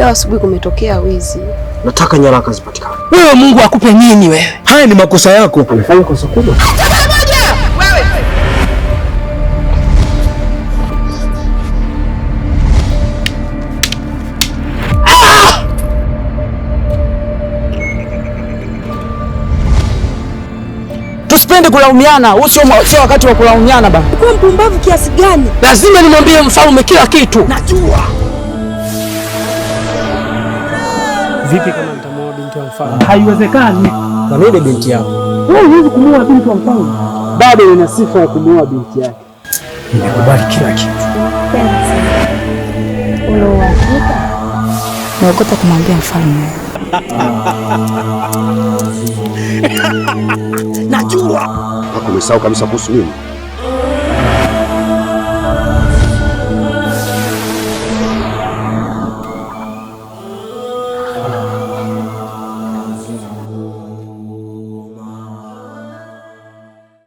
Leo asubuhi kumetokea wizi. Nataka nyaraka zipatikane. Wewe Mungu akupe nini wewe? Haya ni makosa yako. Umefanya kosa kubwa. Tusipende kulaumiana, uso sio wakati wa kulaumiana bana. Kwa mpumbavu kiasi gani? Lazima nimwambie mfalme kila kitu. Najua. Vipi kama nitamuoa binti wa mfalme? Haiwezekani. Kwa nini binti yako? Wewe huwezi kumuoa binti wa mfalme, bado wina sifa ya kumuoa binti yake. Nimekubali kila kitu. Naogopa kumwambia mfalme. Najua. Hakumsahau kabisa kuhusu mimi.